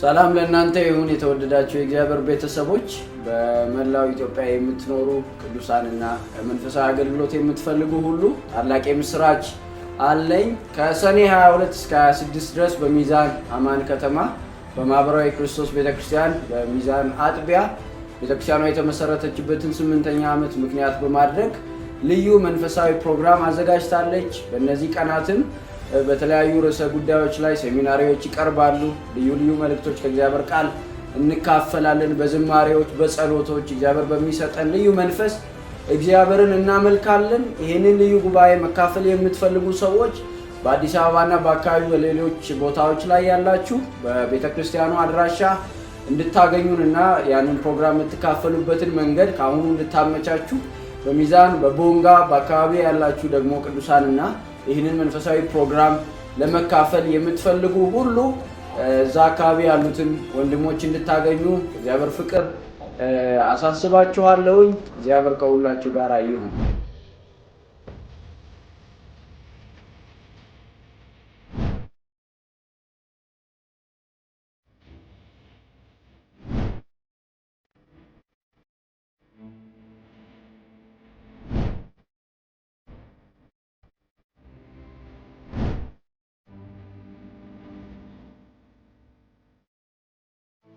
ሰላም ለእናንተ ይሁን የተወደዳችሁ የእግዚአብሔር ቤተሰቦች፣ በመላው ኢትዮጵያ የምትኖሩ ቅዱሳንና መንፈሳዊ አገልግሎት የምትፈልጉ ሁሉ ታላቅ የምስራች አለኝ። ከሰኔ 22 እስከ 26 ድረስ በሚዛን አማን ከተማ በማህበራዊ ክርስቶስ ቤተክርስቲያን በሚዛን አጥቢያ ቤተክርስቲያኗ የተመሰረተችበትን ስምንተኛ ዓመት ምክንያት በማድረግ ልዩ መንፈሳዊ ፕሮግራም አዘጋጅታለች። በእነዚህ ቀናትም በተለያዩ ርዕሰ ጉዳዮች ላይ ሴሚናሪዎች ይቀርባሉ። ልዩ ልዩ መልእክቶች ከእግዚአብሔር ቃል እንካፈላለን። በዝማሬዎች፣ በጸሎቶች እግዚአብሔር በሚሰጠን ልዩ መንፈስ እግዚአብሔርን እናመልካለን። ይህንን ልዩ ጉባኤ መካፈል የምትፈልጉ ሰዎች በአዲስ አበባና በአካባቢ በሌሎች ቦታዎች ላይ ያላችሁ በቤተ ክርስቲያኑ አድራሻ እንድታገኙን እና ያንን ፕሮግራም የምትካፈሉበትን መንገድ ከአሁኑ እንድታመቻችሁ በሚዛን በቦንጋ በአካባቢ ያላችሁ ደግሞ ቅዱሳንና ይህንን መንፈሳዊ ፕሮግራም ለመካፈል የምትፈልጉ ሁሉ እዛ አካባቢ ያሉትን ወንድሞች እንድታገኙ እግዚአብሔር ፍቅር አሳስባችኋለሁኝ። እግዚአብሔር ከሁላችሁ ጋር ይሁን።